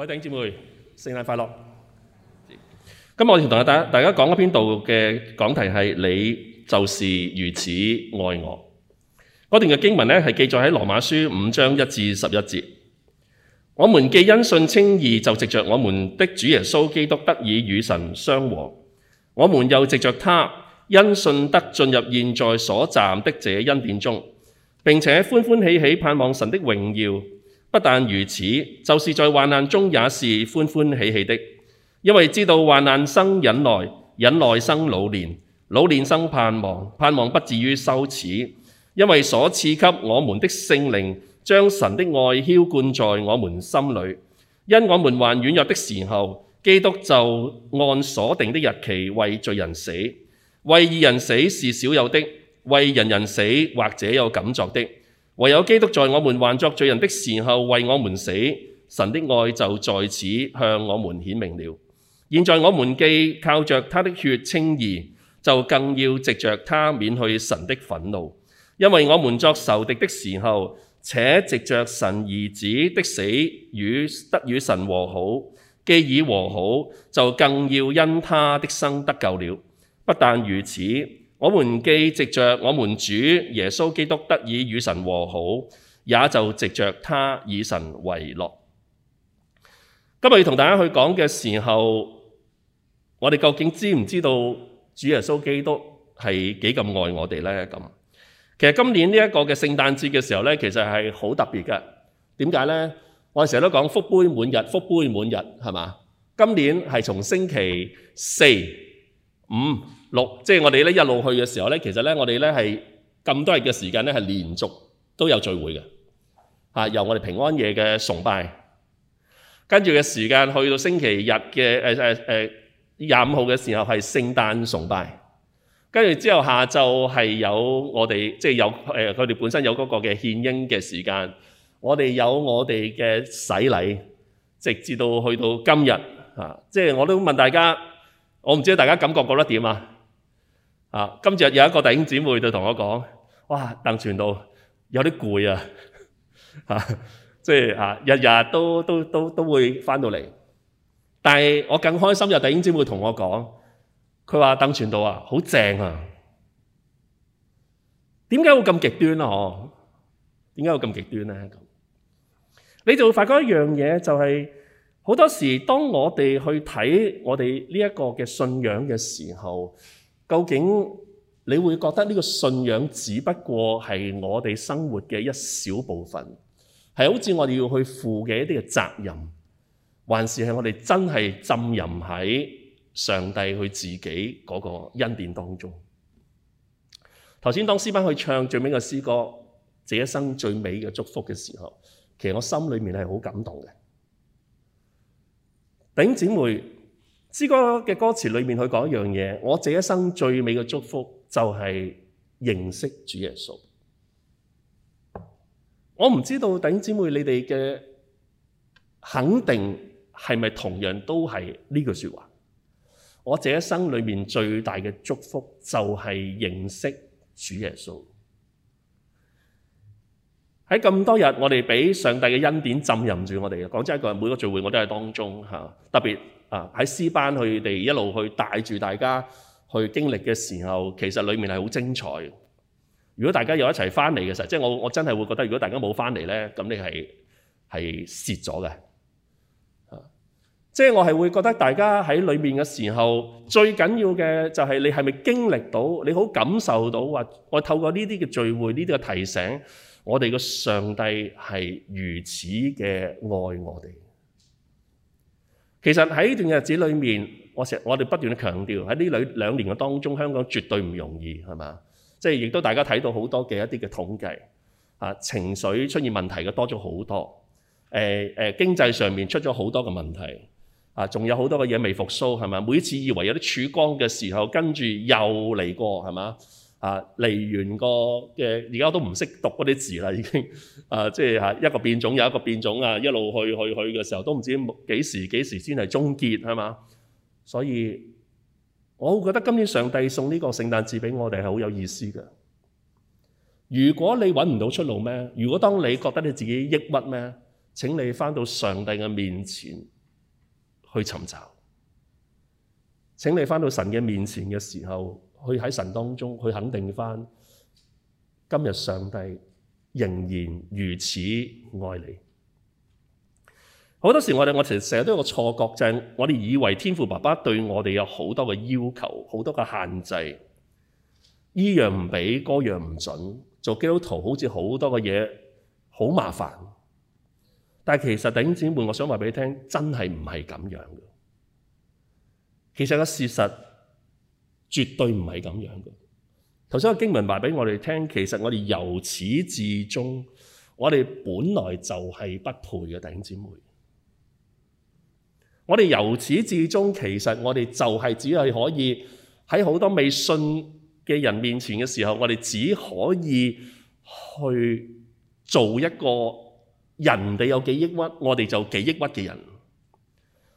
各位弟兄姊妹，聖誕快樂！今日我同大家大家講的一篇道嘅講題係：祢就是如此愛我。嗰段嘅經文咧，係記載喺羅馬書五章一至十一節。我們既因信稱義，就藉着我們的主耶穌基督得以與神相和。我們又藉着他因信得進入現在所站的這恩典中，並且歡歡喜喜盼望神的榮耀。不但如此，就是在患難中也是歡歡喜喜的，因為知道患難生忍耐，忍耐生老練，老練生盼望，盼望不至於羞恥。因為所賜給我們的聖靈，將神的愛澆灌在我們心裏。因我們還軟弱的時候，基督就按所定的日期為罪人死；為義人死是少有的，為人人死或者有敢作的。唯有基督在我們還作罪人的時候為我們死，神的愛就在此向我們顯明了。現在我們既靠着他的血稱義，就更要藉着他免去神的憤怒，因為我們作仇敵的時候，且藉着神兒子的死與得與神和好。既已和好，就更要因他的生得救了。不但如此。我們既藉着我們主耶穌基督得以與神和好，也就藉着他以神為樂。今日要同大家去講嘅時候，我哋究竟知唔知道主耶穌基督係幾咁愛我哋呢？噉，其實今年呢一個嘅聖誕節嘅時候呢，其實係好特別嘅。點解呢？我哋成日都講福杯滿日，福杯滿日係嘛？今年係從星期四。五、嗯、六，即係我哋咧一路去嘅時候咧，其實咧我哋咧係咁多日嘅時間咧係連續都有聚會嘅、啊，由我哋平安夜嘅崇拜，跟住嘅時間去到星期日嘅誒誒廿五號嘅時候係聖誕崇拜，跟住之後下晝係有我哋即係有誒佢哋本身有嗰個嘅獻嬰嘅時間，我哋有我哋嘅洗禮，直至到去到今日、啊、即係我都問大家。我唔知大家感覺覺得點啊？啊，今次有一個弟兄姊妹就同我講，哇，鄧傳道有啲攰啊！啊，即係啊，日日都都都都會返到嚟。但係我更開心，有弟兄姊妹同我講，佢話鄧傳道啊，好正啊！點解會咁極端咯？嗬？點解會咁極端咧？你就會發覺一樣嘢，就係。好多時，當我哋去睇我哋呢一個嘅信仰嘅時候，究竟你會覺得呢個信仰只不過係我哋生活嘅一小部分，係好似我哋要去負嘅一啲嘅責任，還是係我哋真係浸淫喺上帝佢自己嗰個恩典當中？頭先當詩班去唱最尾嘅詩歌，這一生最美嘅祝福嘅時候，其實我心裏面係好感動嘅。弟兄姊妹，之歌的歌詞裏面去講一樣嘢，我這一生最美的祝福就係認識主耶穌。我唔知道弟兄姊妹你哋嘅肯定係咪同樣都係這句說話？我這一生裏面最大的祝福就係認識主耶穌。喺咁多日，我哋俾上帝嘅恩典浸淫住我哋嘅。講真，一每個聚會我都係當中吓，特別啊喺師班佢哋一路去帶住大家去經歷嘅時候，其實裏面係好精彩。如果大家又一齊翻嚟嘅時候，即係我我真係會覺得，如果大家冇翻嚟呢，咁你係係蝕咗嘅。即係我係會覺得大家喺裏面嘅時候，最緊要嘅就係你係咪經歷到，你好感受到話，我透過呢啲嘅聚會，呢啲嘅提醒。我哋個上帝係如此嘅愛我哋。其實喺呢段日子裏面，我成我哋不斷嘅強調喺呢兩兩年嘅當中，香港絕對唔容易，係嘛？即係亦都大家睇到好多嘅一啲嘅統計啊，情緒出現問題嘅多咗好多。誒、啊、誒，經濟上面出咗好多嘅問題啊，仲有好多嘅嘢未復甦，係嘛？每次以為有啲曙光嘅時候，跟住又嚟過，係嘛？啊，嚟完個嘅，而家都唔識讀嗰啲字啦，已經啊，即係一個變種又一個變種啊，一路去去去嘅時候都唔知幾時幾時先係終結，係嘛？所以我會覺得今年上帝送呢個聖誕節俾我哋係好有意思嘅。如果你揾唔到出路咩？如果當你覺得你自己抑鬱咩？請你翻到上帝嘅面前去尋找。請你翻到神嘅面前嘅時候。去喺神當中，去肯定返今日上帝仍然如此愛你。好多時候我哋我成日都有一個錯覺，就係我哋以為天父爸爸對我哋有好多嘅要求，好多嘅限制，依樣唔俾，嗰樣唔准，做基督徒好似好多嘅嘢好麻煩。但其實弟兄姊妹，我想話俾你聽，真係唔係咁樣嘅。其實事實。絕對唔係咁樣嘅。頭先個經文話畀我哋聽，其實我哋由始至終，我哋本來就係不配嘅弟兄姊妹。我哋由始至終，其實我哋就係只係可以喺好多未信嘅人面前嘅時候，我哋只可以去做一個人哋有幾抑鬱，我哋就幾抑鬱嘅人。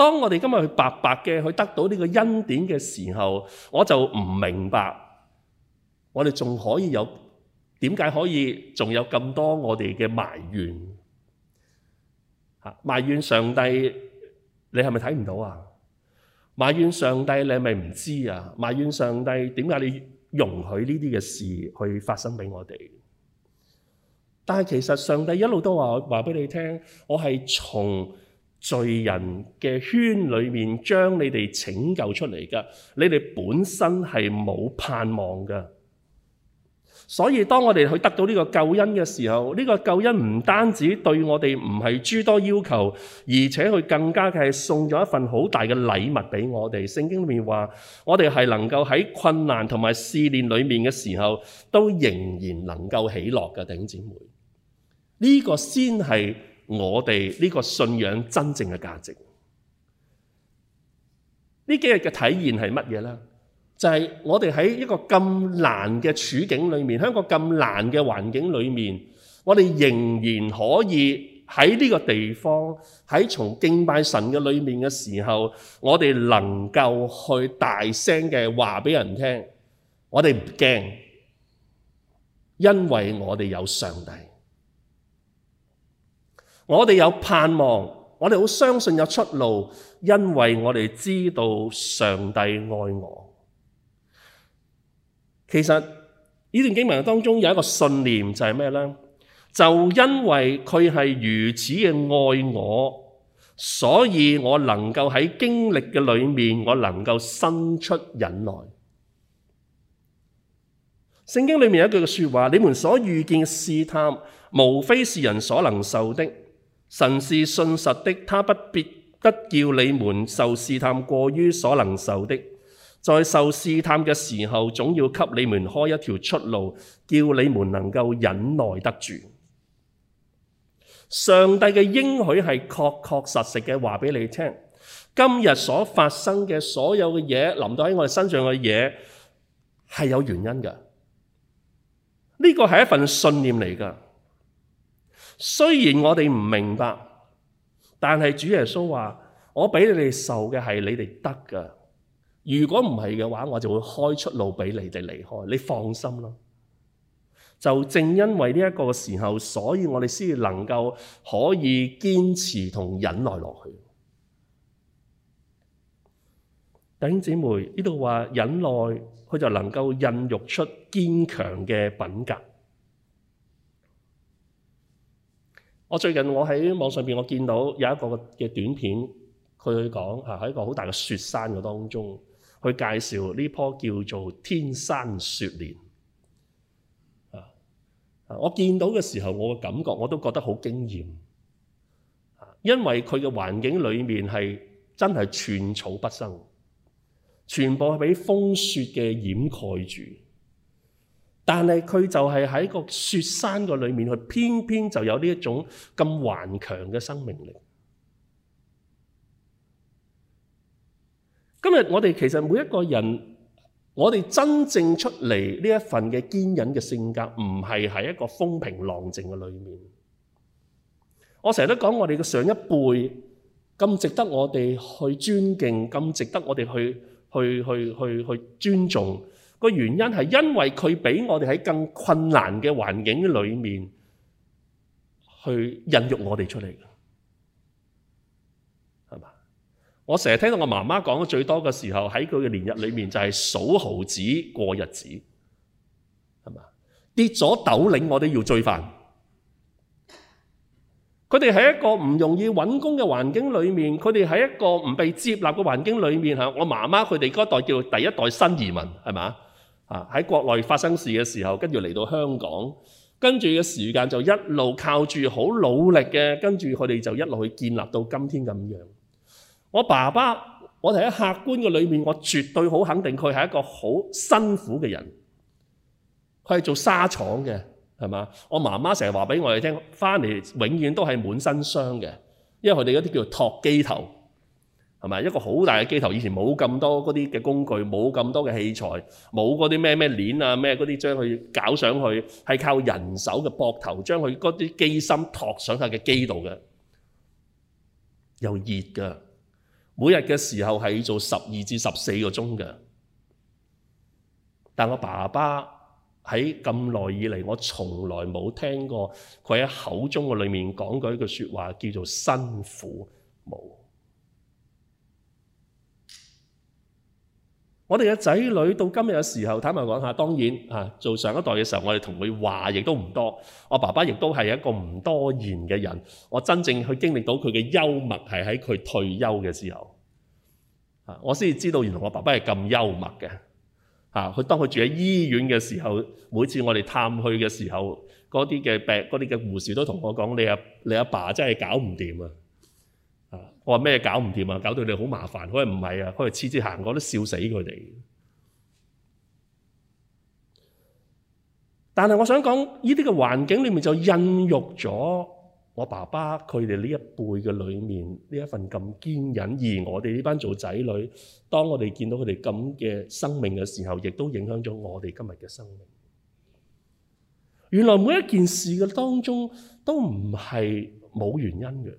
當我哋今日去白白嘅去得到呢個恩典嘅時候，我就唔明白，我哋仲可以有？點解可以仲有咁多我哋嘅埋怨？埋怨上帝，你係咪睇唔到啊？埋怨上帝，你係咪唔知啊？埋怨上帝，點解你容許呢啲嘅事去發生俾我哋？但係其實上帝一路都話話俾你聽，我係從。罪人嘅圈裏面，將你哋拯救出嚟噶。你哋本身係冇盼望噶，所以當我哋去得到呢個救恩嘅時候，呢個救恩唔單止對我哋唔係諸多要求，而且佢更加係送咗一份好大嘅禮物俾我哋。聖經裏面話，我哋係能夠喺困難同埋試煉裏面嘅時候，都仍然能夠喜樂嘅。弟兄姊妹，呢個先係。我哋呢個信仰真正嘅價值，呢幾日嘅體驗係乜嘢咧？就係我哋喺一個咁難嘅處境裏面，香港咁難嘅環境裏面，我哋仍然可以喺呢個地方，喺從敬拜神嘅裏面嘅時候，我哋能夠去大聲嘅話俾人聽，我哋唔驚，因為我哋有上帝。我哋有盼望，我哋好相信有出路，因為我哋知道上帝愛我。其實呢段經文當中有一個信念就係咩咧？就因為佢係如此嘅愛我，所以我能夠喺經歷嘅裏面，我能夠生出忍耐。聖經裏面有一句嘅說話，你們所遇見嘅試探，無非是人所能受的。神是信實的，他不必不叫你們受試探過於所能受的。在受試探嘅時候，總要給你們開一條出路，叫你們能夠忍耐得住。上帝嘅應許係確確實實嘅，話俾你聽。今日所發生嘅所有嘅嘢，臨到喺我哋身上嘅嘢，係有原因的。呢個係一份信念嚟的。雖然我哋唔明白，但係主耶穌話：「我俾你哋受嘅係你哋得㗎。如果唔係嘅話，我就會開出路俾你哋離開。你放心囉。」就正因為呢一個時候，所以我哋先能夠可以堅持同忍耐落去。弟兄姐妹，呢度話忍耐佢就能夠孕育出堅強嘅品格。我最近我喺網上面我見到有一個嘅短片，佢講啊，喺一個好大嘅雪山嘅當中，去介紹呢棵叫做天山雪蓮。啊，我見到嘅時候，我嘅感覺我都覺得好驚艷，因為佢嘅環境裏面係真係寸草不生，全部係畀風雪嘅掩蓋住。但係佢就係喺個雪山個裏面佢，偏偏就有呢一種咁頑強嘅生命力。今日我哋其實每一個人，我哋真正出嚟呢一份嘅堅忍嘅性格，唔係喺一個風平浪靜嘅裏面。我成日都講，我哋嘅上一輩咁值得我哋去尊敬，咁值得我哋去去去去去尊重。個原因係因為佢比我哋喺更困難嘅環境裏面去孕育我哋出嚟嘅，係嘛？我成日聽到我媽媽講嘅最多嘅時候喺佢嘅年日裏面就係數毫子過日子，係嘛？跌咗斗零我都要追返。佢哋喺一個唔容易揾工嘅環境裏面，佢哋喺一個唔被接納嘅環境裏面吓。我媽媽佢哋嗰代叫第一代新移民，係嘛？啊！喺國內發生事嘅時候，跟住嚟到香港，跟住嘅時間就一路靠住好努力嘅，跟住佢哋就一路去建立到今天咁樣。我爸爸，我哋喺客觀嘅裏面，我絕對好肯定佢係一個好辛苦嘅人。佢係做沙廠嘅，係嘛？我媽媽成日話俾我哋聽，翻嚟永遠都係滿身傷嘅，因為佢哋嗰啲叫做托機頭。係咪一個好大嘅機頭？以前冇咁多嗰啲嘅工具，冇咁多嘅器材，冇嗰啲咩咩鏈啊咩嗰啲，將佢搞上去係靠人手嘅膊頭將佢嗰啲機芯托上去嘅機度嘅，又熱㗎。每日嘅時候係做十二至十四個鐘嘅。但我爸爸喺咁耐以嚟，我從來冇聽過佢喺口中嘅裏面講過一句説話，叫做辛苦冇。我哋嘅仔女到今日嘅時候，坦白講下，當然啊，做上一代嘅時候，我哋同佢話亦都唔多。我爸爸亦都係一個唔多言嘅人。我真正去經歷到佢嘅幽默，係喺佢退休嘅時候，啊，我先至知道原來我爸爸係咁幽默嘅。啊，佢當佢住喺醫院嘅時候，每次我哋探去嘅時候，嗰啲嘅病、嗰啲嘅護士都同我講：你阿你阿爸真係搞唔掂啊！我話咩搞唔掂啊！搞到你好麻煩。佢話唔係啊，佢話次次行過，都笑死佢哋。但係我想講，呢啲嘅環境裏面就孕育咗我爸爸佢哋呢一輩嘅裏面呢一份咁堅忍，而我哋呢班做仔女，當我哋見到佢哋咁嘅生命嘅時候，亦都影響咗我哋今日嘅生命。原來每一件事嘅當中都唔係冇原因嘅。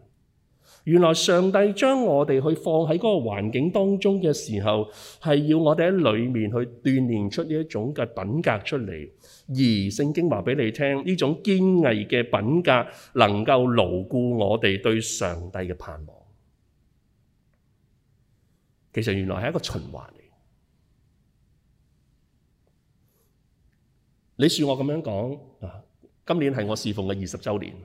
原來上帝將我哋去放喺嗰個環境當中嘅時候，係要我哋喺裏面去鍛煉出呢種嘅品格出嚟。而聖經話俾你聽，呢種堅毅嘅品格能夠牢固我哋對上帝嘅盼望。其實原來係一個循環嚟。你恕我噉樣講，今年係我侍奉嘅二十周年。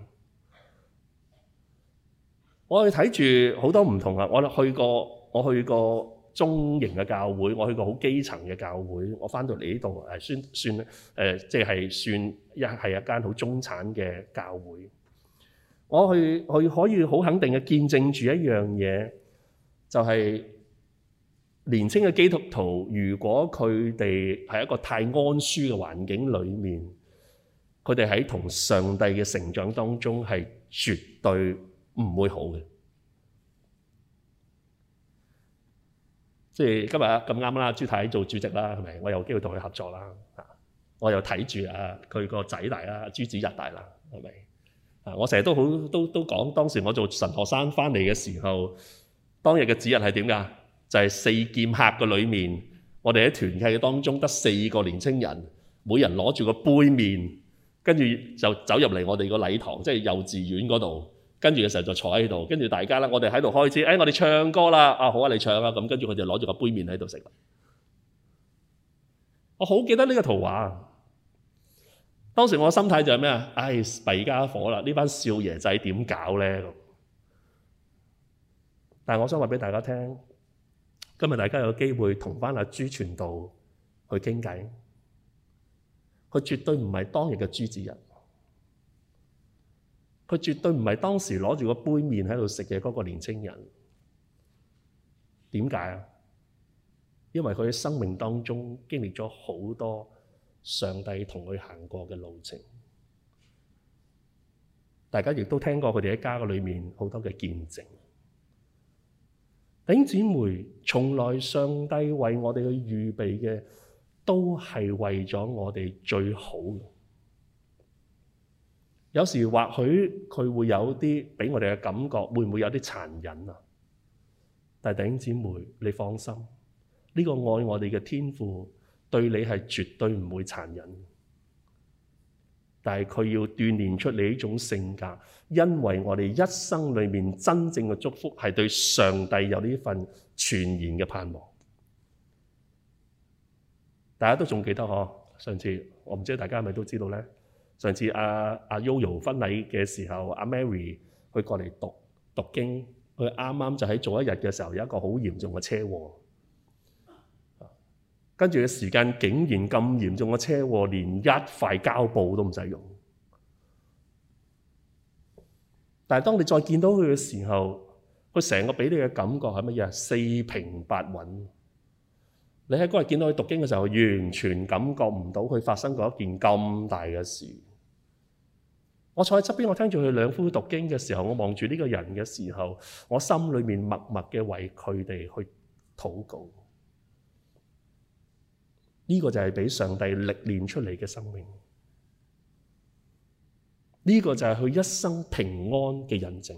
我去睇住好多唔同啊！我去過，我去過中型嘅教會，我去過好基層嘅教會，我返到嚟呢度算算、呃、即係算一係一間好中產嘅教會。我去去可以好肯定嘅見證住一樣嘢，就係、是、年輕嘅基督徒，如果佢哋係一個太安舒嘅環境裏面，佢哋喺同上帝嘅成長當中係絕對。唔會好嘅，即係今日啊咁啱啦！朱太做主席啦，係咪？我有機會同佢合作啦，我又睇住啊，佢個仔大啦，朱子日大啦，係咪？我成日都好講，當時我做神學生返嚟嘅時候，當日嘅指引係點㗎？就係四劍客嘅裏面，我哋喺團契當中得四個年青人，每人攞住個杯麵，跟住就走入嚟我哋個禮堂，即係幼稚園嗰度。跟住嘅時候就坐喺度，跟住大家呢，我哋喺度開始。誒、哎，我哋唱歌啦，啊，好啊，你唱啦、啊，咁跟住佢就攞住個杯麵喺度食。我好記得呢個圖畫，當時我嘅心態就係咩啊？唉、哎，弊家伙啦，呢班少爺仔點搞咧，咁。但我想話俾大家聽，今日大家有機會同返阿朱傳道去傾偈，佢絕對唔係當日嘅朱子人。佢絕對唔係當時攞住個杯麵喺度食嘅嗰個年輕人，點解呀？因為佢生命當中經歷咗好多上帝同佢行過嘅路程，大家亦都聽過佢哋一家裏面好多嘅見證。頂姊妹從來上帝為我哋去預備嘅，都係為咗我哋最好。有時或許佢會有啲俾我哋嘅感覺，會唔會有啲殘忍啊？但係弟兄姊妹，你放心，呢個愛我哋嘅天父對你係絕對唔會殘忍的。但係，佢要鍛煉出你呢種性格，因為我哋一生裏面真正嘅祝福係對上帝有呢份全然嘅盼望。大家都仲記得嗬？上次我唔知道大家係咪都知道呢？上次阿阿 Yoyo 婚禮嘅時候，阿 Mary 佢過嚟讀讀經，佢啱啱就喺前一日嘅時候，有一個好嚴重嘅車禍。跟住嘅時間竟然咁嚴重嘅車禍，連一塊膠布都唔使用。但係當你再見到佢嘅時候，佢成個俾你嘅感覺係乜嘢？四平八穩。你喺嗰日見到佢讀經嘅時候，完全感覺唔到佢發生過一件咁大嘅事。我坐喺側邊，我聽住佢兩夫婦讀經嘅時候，我望住呢個人嘅時候，我心裏面默默嘅為佢哋去禱告。呢、這個就係俾上帝歷練出嚟嘅生命，呢、這個就係佢一生平安嘅印證。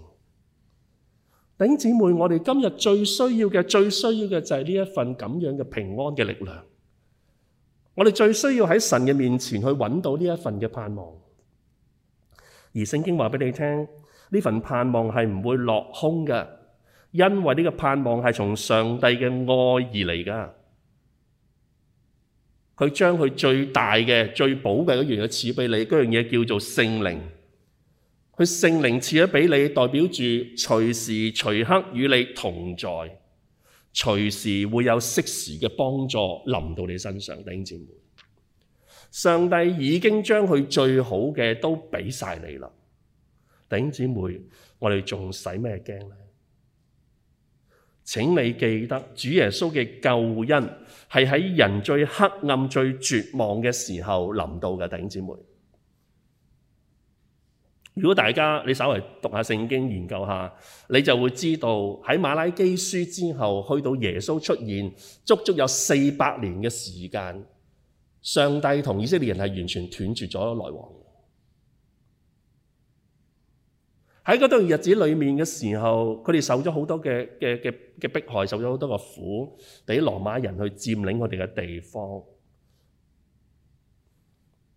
頂姊妹，我哋今日最需要嘅、最需要嘅就係呢一份咁樣嘅平安嘅力量。我哋最需要喺神嘅面前去揾到呢一份嘅盼望。而聖經話俾你聽，呢份盼望係唔會落空㗎，因為呢個盼望係從上帝嘅愛而嚟㗎。佢將佢最大嘅、最寶貴嘅一樣嘢賜俾你，嗰樣嘢叫做聖靈。佢聖靈賜咗俾你，代表住隨時隨刻與你同在，隨時會有適時嘅幫助臨到你身上，弟兄姊妹。上帝已經將佢最好嘅都俾晒你啦，弟兄姊妹，我哋仲使咩驚呢？請你記得，主耶穌嘅救恩係喺人最黑暗、最絕望嘅時候臨到嘅，弟兄姊妹。如果大家你稍為讀一下聖經，研究一下，你就會知道喺馬拉基書之後，去到耶穌出現，足足有四百年嘅時間。上帝同以色列人係完全斷絕咗來往。喺嗰段日子裏面嘅時候，佢哋受咗好多嘅嘅嘅嘅迫害，受咗好多個苦，俾羅馬人去佔領我哋嘅地方。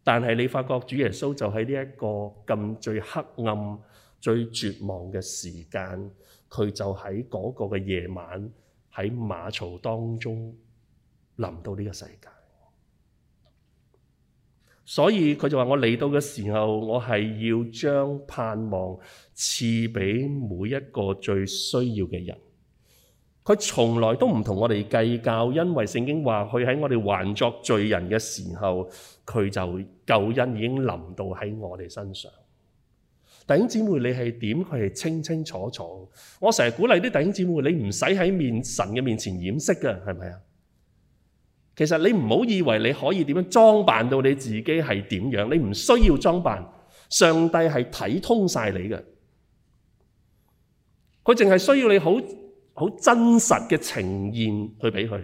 但係你發覺，主耶穌就喺呢一個咁最黑暗、最絕望嘅時間，佢就喺嗰個嘅夜晚，喺馬槽當中臨到呢個世界。所以佢就話：我嚟到嘅時候，我係要將盼望賜畀每一個最需要嘅人。佢從來都唔同我哋計較，因為聖經話佢喺我哋還作罪人嘅時候，佢就救恩已經臨到喺我哋身上。弟兄姊妹，你是怎樣，你係點？佢係清清楚楚。我成日鼓勵啲弟兄姊妹，你唔使喺神嘅面前掩飾㗎，係唔係啊？其實你唔好以為你可以點樣裝扮到你自己係點樣，你唔需要裝扮，上帝係睇通晒你嘅，佢淨係需要你好真實嘅呈現去畀佢。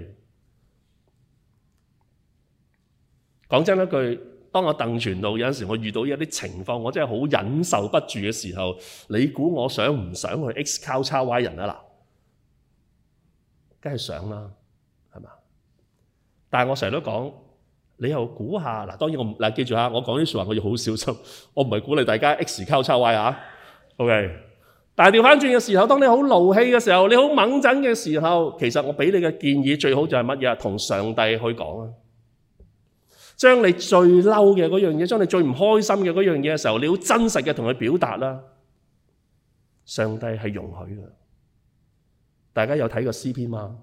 講真一句，當我鄧傳道有陣時，我遇到一啲情況，我真係好忍受不住嘅時候，你估我想唔想去 X 交叉 Y 人啊啦？梗係想啦。但係我成日都講，你又估下嗱，當然我嗱記住一下，我講呢句說話我要好小心，我唔係鼓勵大家 X 交叉歪下 OK，但係調翻轉嘅時候，當你好怒氣嘅時候，你好掹震嘅時候，其實我俾你嘅建議最好就係乜嘢啊？同上帝去講啊，將你最嬲嘅嗰樣嘢，將你最唔開心嘅嗰樣嘢嘅時候，你好真實嘅同佢表達啦。上帝係容許嘅，大家有睇過詩篇嘛？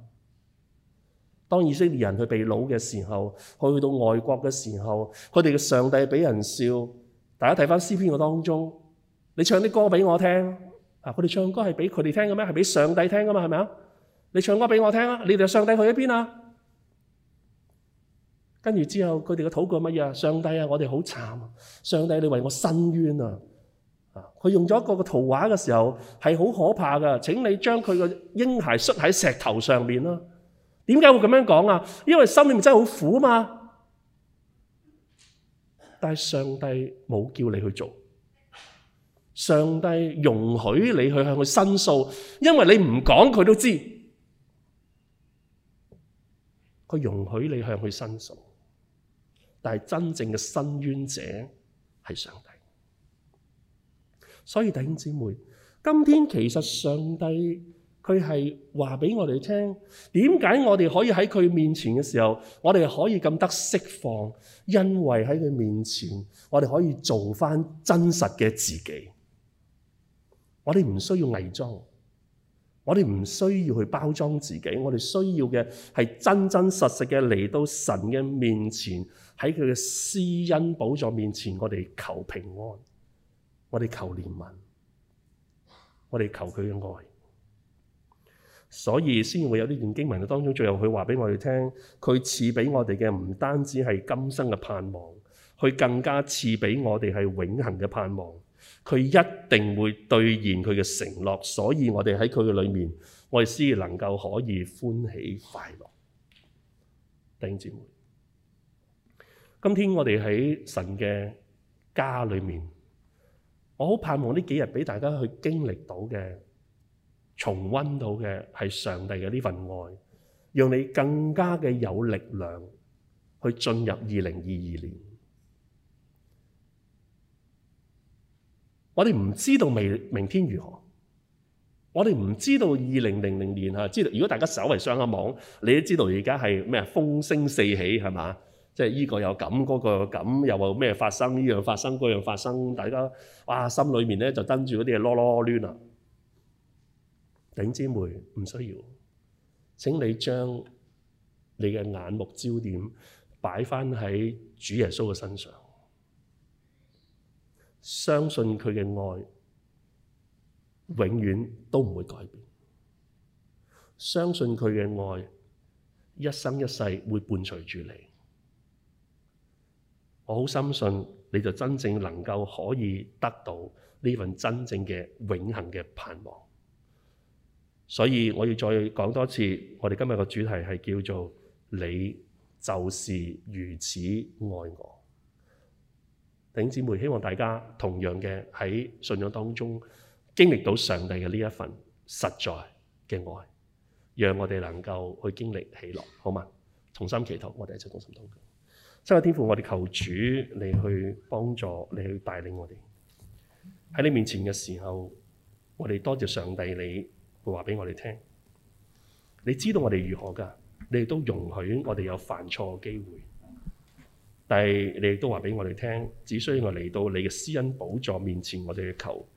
當以色列人去被擄嘅時候，去到外國嘅時候，佢哋嘅上帝俾人笑。大家睇返詩篇嘅當中，你唱啲歌俾我聽。嗱，佢哋唱歌係俾佢哋聽嘅咩？係俾上帝聽㗎嘛？係咪啊？你唱歌俾我聽啊！你哋上帝去咗邊啊？跟住之後，佢哋嘅禱告乜嘢啊？上帝啊，我哋好慘啊！上帝，你為我伸冤啊！啊，佢用咗一個個圖畫嘅時候係好可怕㗎。請你將佢個嬰孩摔喺石頭上面啦。點解會咁樣講啊？因為心裏面真係好苦嘛！但係上帝冇叫你去做，上帝容許你去向佢申訴，因為你唔講佢都知，佢容許你向佢申訴。但係真正嘅申冤者係上帝，所以弟兄姊妹，今天其實上帝。佢係話俾我哋聽，點解我哋可以喺佢面前嘅時候，我哋可以咁得釋放？因為喺佢面前，我哋可以做翻真實嘅自己。我哋唔需要偽裝，我哋唔需要去包裝自己。我哋需要嘅係真真實實嘅嚟到神嘅面前，喺佢嘅施恩寶座面前，我哋求平安，我哋求憐憫，我哋求佢嘅愛。所以先會有呢段經文當中，最後佢話俾我哋聽，佢賜俾我哋嘅唔單止係今生嘅盼望，佢更加賜俾我哋係永恆嘅盼望。佢一定會兌現佢嘅承諾，所以我哋喺佢嘅裏面，我哋先能夠可以歡喜快樂。弟兄姊妹，今天我哋喺神嘅家裏面，我好盼望呢幾日俾大家去經歷到嘅。重溫到嘅係上帝嘅呢份愛，讓你更加嘅有力量去進入二零二二年。我哋唔知道明明天如何，我哋唔知道二零零零年啊。知道如果大家稍微上下網，你都知道而家係咩風聲四起係嘛？即係呢個有咁，嗰、嗰個又咁，又話咩發生？呢樣發生，嗰樣發生，大家哇心裏面咧就跟住嗰啲嘢囉囉攣啊！頂姐妹，唔需要，請你將你嘅眼目焦點擺返喺主耶穌嘅身上，相信佢嘅愛永遠都唔會改變，相信佢嘅愛一生一世會伴隨住你。我好深信你就真正能夠可以得到呢份真正嘅永恆嘅盼望。所以我要再講多次，我哋今日個主題係叫做祢就是如此愛我，弟兄姊妹，希望大家同樣嘅喺信仰當中經歷到上帝嘅呢一份實在嘅愛，讓我哋能夠去經歷喜樂，好嗎？同心祈禱，我哋一齊同心禱告。親愛天父，我哋求主你去幫助，你去帶領我哋喺你面前嘅時候，我哋多謝上帝你。佢話俾我哋聽，你知道我哋如何噶你亦都容許我哋有犯錯嘅機會，但係你亦都話俾我哋聽，只需要我嚟到你嘅私隱寶座面前，我哋嘅求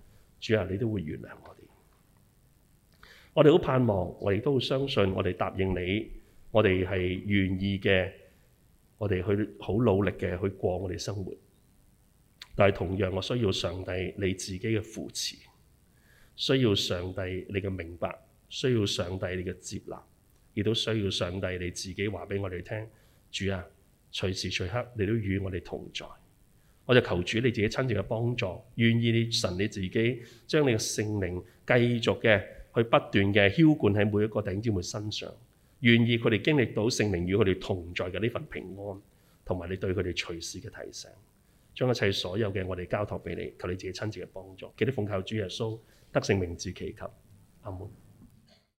主啊，你都會原諒我哋。我哋好盼望，我哋都相信，我哋答應你，我哋係願意嘅，我哋去好努力嘅去過我哋生活，但係同樣我需要上帝你自己嘅扶持。需要上帝你嘅明白，需要上帝你嘅接納，亦都需要上帝你自己話俾我哋聽。主啊，隨時隨刻你都與我哋同在。我就求主你自己親自嘅幫助，願意你神你自己將你嘅聖靈繼續嘅去不斷嘅澆灌喺每一個弟兄姊妹身上，願意佢哋經歷到聖靈與佢哋同在嘅呢份平安，同埋你對佢哋隨時嘅提醒，將一切所有嘅我哋交託俾你，求你自己親自嘅幫助。祈禱奉靠主耶穌。得勝名字祈求。阿門。